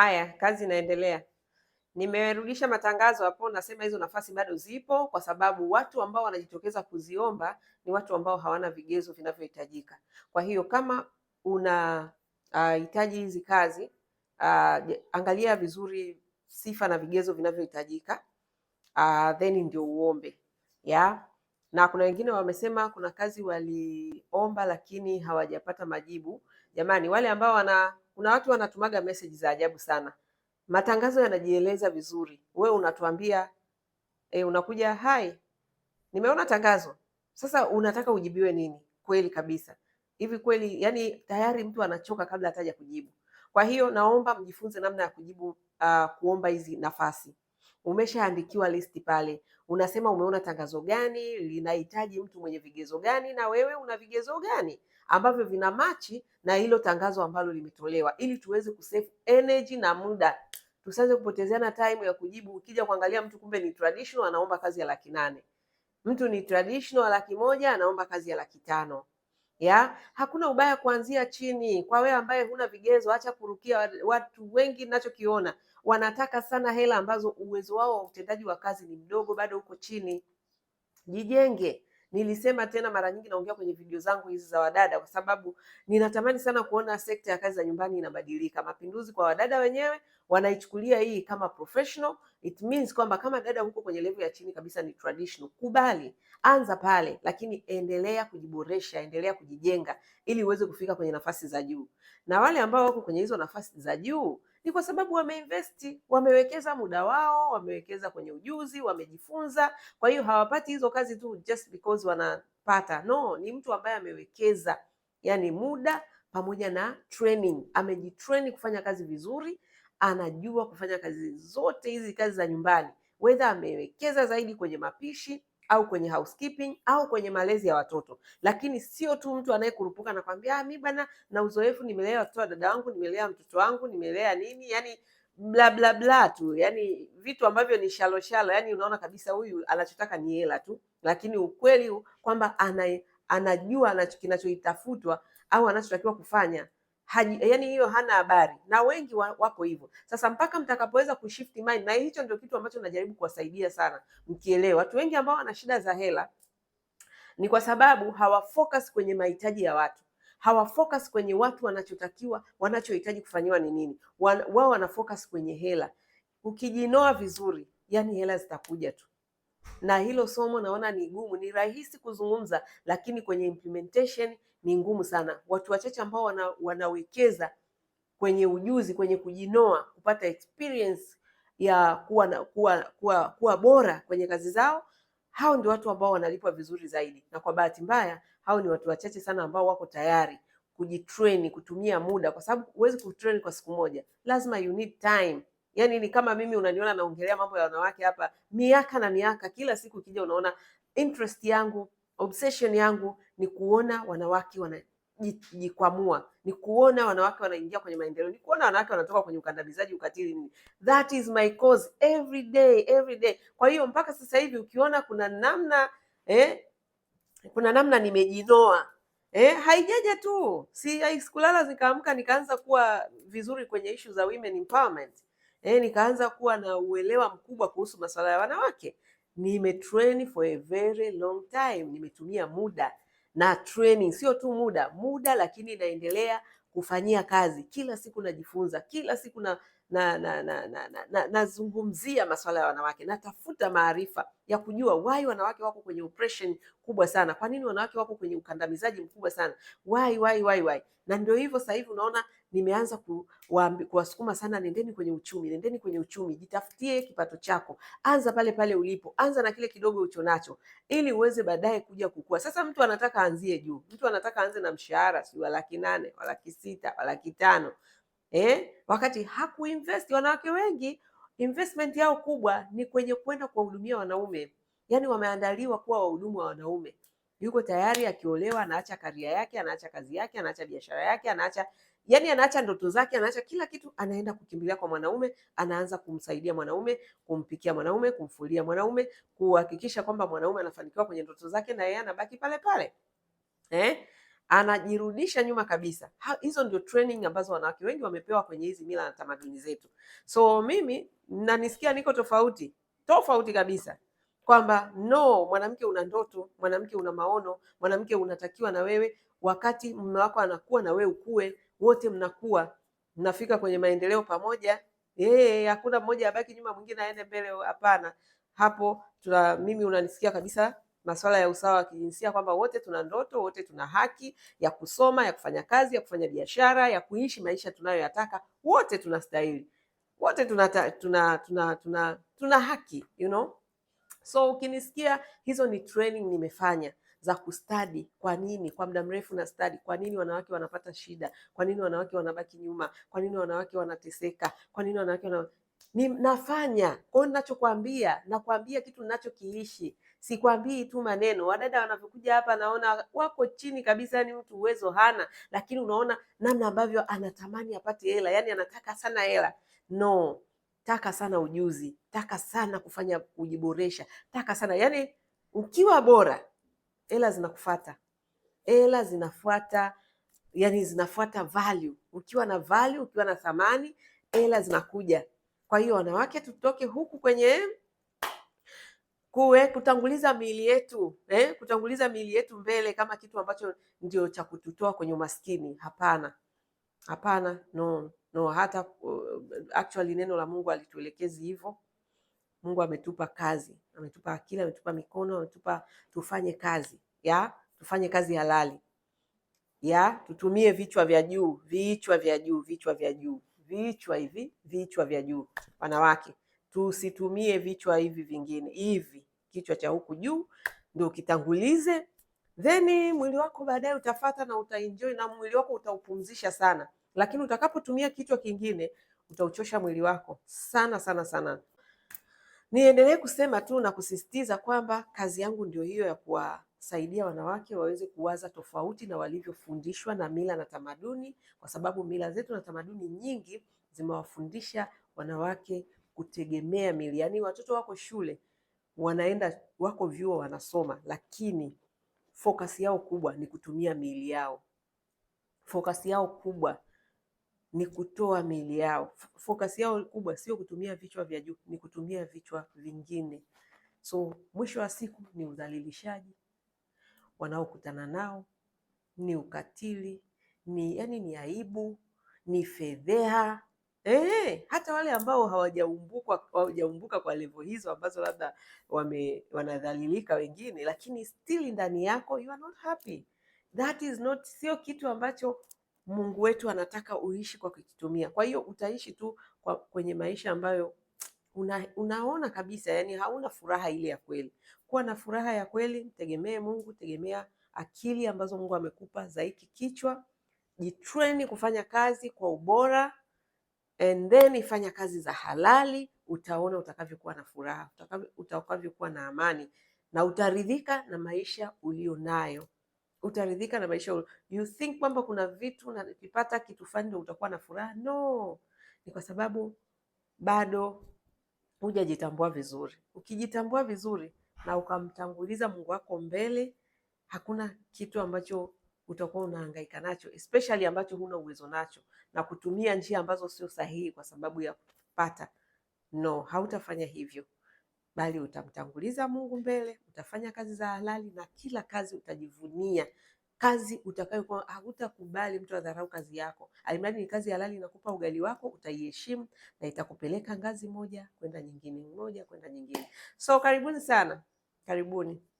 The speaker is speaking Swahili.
Haya, kazi inaendelea. Nimerudisha matangazo hapo, nasema hizo nafasi bado zipo, kwa sababu watu ambao wanajitokeza kuziomba ni watu ambao hawana vigezo vinavyohitajika. Kwa hiyo kama una uh, hizi kazi uh, angalia vizuri sifa na vigezo vinavyohitajika uh, then ndio uombe yeah. Na kuna wengine wamesema kuna kazi waliomba lakini hawajapata majibu. Jamani, wale ambao wana kuna watu wanatumaga message za ajabu sana. Matangazo yanajieleza vizuri, we unatuambia e, unakuja hai, nimeona tangazo. Sasa unataka ujibiwe nini? Kweli kabisa, hivi kweli, yani tayari mtu anachoka kabla hataja kujibu. Kwa hiyo naomba mjifunze namna ya kujibu, uh, kuomba hizi nafasi. Umeshaandikiwa listi pale, unasema umeona tangazo gani linahitaji mtu mwenye vigezo gani, na wewe una vigezo gani ambavyo vina machi na hilo tangazo ambalo limetolewa, ili tuweze kusave energy na muda, tusianze kupotezeana time ya kujibu. Ukija kuangalia mtu kumbe ni traditional anaomba kazi ya laki nane, mtu ni traditional laki moja anaomba kazi ya laki tano. Ya, hakuna ubaya kuanzia chini. Kwa wewe ambaye huna vigezo, acha kurukia watu wengi. Ninachokiona wanataka sana hela ambazo uwezo wao wa utendaji wa kazi ni mdogo, bado uko chini. Jijenge. Nilisema tena mara nyingi, naongea kwenye video zangu hizi za wadada, kwa sababu ninatamani sana kuona sekta ya kazi za nyumbani inabadilika. Mapinduzi kwa wadada wenyewe wanaichukulia hii kama professional. It means kwamba kama dada huko kwenye level ya chini kabisa ni traditional, kubali, anza pale, lakini endelea kujiboresha, endelea kujijenga ili uweze kufika kwenye nafasi za juu, na wale ambao wako kwenye hizo nafasi za juu ni kwa sababu wameinvesti, wamewekeza muda wao, wamewekeza kwenye ujuzi, wamejifunza. Kwa hiyo hawapati hizo kazi tu just because wanapata. No, ni mtu ambaye amewekeza, yani muda pamoja na training, amejitrain kufanya kazi vizuri, anajua kufanya kazi zote hizi, kazi za nyumbani, whether amewekeza zaidi kwenye mapishi au kwenye housekeeping au kwenye malezi ya watoto, lakini sio tu mtu anayekurupuka na kwambia mimi ah, bana, na uzoefu nimelea watoto wa dada wangu, nimelea mtoto wangu, nimelea nini, yani bla bla bla tu, yani vitu ambavyo ni shalo shalo, yani unaona kabisa huyu anachotaka ni hela tu, lakini ukweli kwamba anajua anajua kinachoitafutwa au anachotakiwa kufanya haji, yani hiyo hana habari, na wengi wako hivyo. Sasa mpaka mtakapoweza kushift mind, na hicho ndio kitu ambacho najaribu kuwasaidia sana mkielewa. Watu wengi ambao wana shida za hela ni kwa sababu hawafocus kwenye mahitaji ya watu hawafocus kwenye watu wanachotakiwa, wanachohitaji kufanyiwa ni nini. Wao wanafocus kwenye hela. Ukijinoa vizuri, yani hela zitakuja tu na hilo somo naona ni gumu. Ni rahisi kuzungumza, lakini kwenye implementation ni ngumu sana. Watu wachache ambao wana, wanawekeza kwenye ujuzi, kwenye kujinoa, kupata experience ya kuwa, na, kuwa, kuwa, kuwa bora kwenye kazi zao, hao ndio watu ambao wanalipwa vizuri zaidi, na kwa bahati mbaya hao ni watu wachache sana ambao wako tayari kujitrain, kutumia muda, kwa sababu huwezi kutrain kwa siku moja, lazima you need time yani ni kama mimi unaniona naongelea mambo ya wanawake hapa miaka na miaka, kila siku ukija unaona interest yangu obsession yangu ni kuona wanawake wanajikwamua, ni kuona wanawake wanaingia kwenye maendeleo, ni kuona wanawake wanatoka kwenye ukandamizaji, ukatili, nini. That is my cause every day, every day. Kwa hiyo mpaka sasa hivi ukiona kuna namna eh, kuna namna nimejinoa eh, haijaja tu, si sikulala zikaamka nikaanza kuwa vizuri kwenye ishu za women empowerment eh, nikaanza kuwa na uelewa mkubwa kuhusu masuala ya wanawake. Nimetrain for a very long time, nimetumia muda na training, sio tu muda muda, lakini naendelea kufanyia kazi kila siku, najifunza kila siku na nazungumzia na, na, na, na, na masuala ya wanawake, natafuta maarifa ya kujua why wanawake wako kwenye oppression kubwa sana, kwa nini wanawake wako kwenye ukandamizaji mkubwa sana, why why why why. Na ndio hivyo sasa hivi unaona nimeanza kuwasukuma sana, nendeni kwenye uchumi, nendeni kwenye uchumi, jitafutie kipato chako, anza pale pale ulipo, anza na kile kidogo nacho, ili uweze baadaye kuja kukua. Sasa mtu anataka aanzie juu, mtu anataka aanze na mshahara si wa laki nane wa laki sita wa laki tano eh? wakati hakuinvest. Wanawake wengi investment yao kubwa ni kwenye kwenda kuwahudumia wanaume, yani wameandaliwa kuwa wahudumu wa wanaume yuko tayari akiolewa, anaacha karia yake, anaacha kazi yake, anaacha biashara yake, anaacha yani anaacha ndoto zake, anaacha kila kitu, anaenda kukimbilia kwa mwanaume, anaanza kumsaidia mwanaume, kumpikia mwanaume, kumfulia mwanaume, kuhakikisha kwamba mwanaume anafanikiwa kwenye ndoto zake na yeye anabaki pale pale eh? Anajirudisha nyuma kabisa. Ha, hizo ndio training ambazo wanawake wengi wamepewa kwenye hizi mila na tamaduni zetu. So mimi nanisikia niko tofauti tofauti kabisa kwamba no, mwanamke una ndoto, mwanamke una maono, mwanamke unatakiwa na wewe, wakati mume wako anakuwa na wewe ukue wote mnakuwa mnafika kwenye maendeleo pamoja. Yeye hakuna mmoja abaki nyuma mwingine aende mbele, hapana. Hapo tuna, mimi unanisikia kabisa masuala ya usawa wa kijinsia kwamba wote tuna ndoto, wote tuna haki ya kusoma, ya kufanya kazi, ya kufanya biashara, ya kuishi maisha tunayoyataka. Wote tunastahili, wote tuna, tuna, tuna, tuna, tuna haki you know? So ukinisikia hizo ni training nimefanya za kustadi. Kwa nini kwa muda mrefu na stadi? Kwa nini wanawake wanapata shida? Kwa nini wanawake wanabaki nyuma? Kwa nini wanawake wanateseka? Kwa nini wanawake wana... ni nafanya hiyo ninachokwambia nakwambia kitu ninachokiishi, sikwambii tu maneno. Wadada wanavyokuja hapa, naona wako chini kabisa, yani mtu uwezo hana, lakini unaona namna ambavyo anatamani apate hela, yani anataka sana hela. No, taka sana ujuzi, taka sana kufanya kujiboresha, taka sana yani ukiwa bora hela zinakufata hela zinafuata, yani zinafuata value. Ukiwa na value, ukiwa na thamani, hela zinakuja. Kwa hiyo wanawake, tutoke huku kwenye kuwe kutanguliza miili yetu eh, kutanguliza miili yetu mbele kama kitu ambacho ndio cha kututoa kwenye umaskini. Hapana, hapana, no no. Hata uh, actually neno la Mungu alituelekezi hivyo. Mungu ametupa kazi ametupa akili, ametupa mikono, ametupa tufanye kazi ya tufanye kazi halali ya tutumie vichwa vya juu, vichwa vya juu, vichwa vya juu, vichwa hivi, vichwa vya juu. Wanawake tusitumie vichwa hivi vingine hivi, kichwa cha huku juu ndio kitangulize, then mwili wako baadaye utafata na utaenjoy, na mwili wako utaupumzisha sana, lakini utakapotumia kichwa kingine utauchosha mwili wako sana sana sana. Niendelee kusema tu na kusisitiza kwamba kazi yangu ndio hiyo ya kuwasaidia wanawake waweze kuwaza tofauti na walivyofundishwa na mila na tamaduni, kwa sababu mila zetu na tamaduni nyingi zimewafundisha wanawake kutegemea mili. Yaani watoto wako shule, wanaenda wako vyuo, wanasoma, lakini fokasi yao kubwa ni kutumia mili yao. fokasi yao kubwa ni kutoa miili yao. Fokasi yao kubwa sio kutumia vichwa vya juu, ni kutumia vichwa vingine. So mwisho wa siku ni udhalilishaji wanaokutana nao, ni ukatili, ni yani, ni aibu, ni fedheha. Ehe, hata wale ambao hawajaumbuka hawajaumbuka kwa levo hizo ambazo labda wame wanadhalilika wengine, lakini still ndani yako you are not happy. That is not, sio kitu ambacho Mungu wetu anataka uishi kwa kukitumia. Kwa hiyo utaishi tu kwa kwenye maisha ambayo una, unaona kabisa yani hauna furaha ile ya kweli. Kuwa na furaha ya kweli, mtegemee Mungu, tegemea akili ambazo Mungu amekupa hiki kichwa, jitreni kufanya kazi kwa ubora and then ifanya kazi za halali, utaona utakavyokuwa na furaha, utakavyokuwa na amani na utaridhika na maisha ulionayo utaridhika na maisha yako. You think kwamba kuna vitu na ukipata kitu fulani ndio utakuwa na furaha? No, ni kwa sababu bado hujajitambua vizuri. Ukijitambua vizuri na ukamtanguliza Mungu wako mbele, hakuna kitu ambacho utakuwa unahangaika nacho, especially ambacho huna uwezo nacho, na kutumia njia ambazo sio sahihi kwa sababu ya kupata. No, hautafanya hivyo bali utamtanguliza Mungu mbele, utafanya kazi za halali na kila kazi utajivunia kazi utakayokuwa, hakutakubali mtu adharau kazi yako, alimradi ni kazi halali, inakupa ugali wako, utaiheshimu na itakupeleka ngazi moja kwenda nyingine, moja kwenda nyingine. So karibuni sana, karibuni.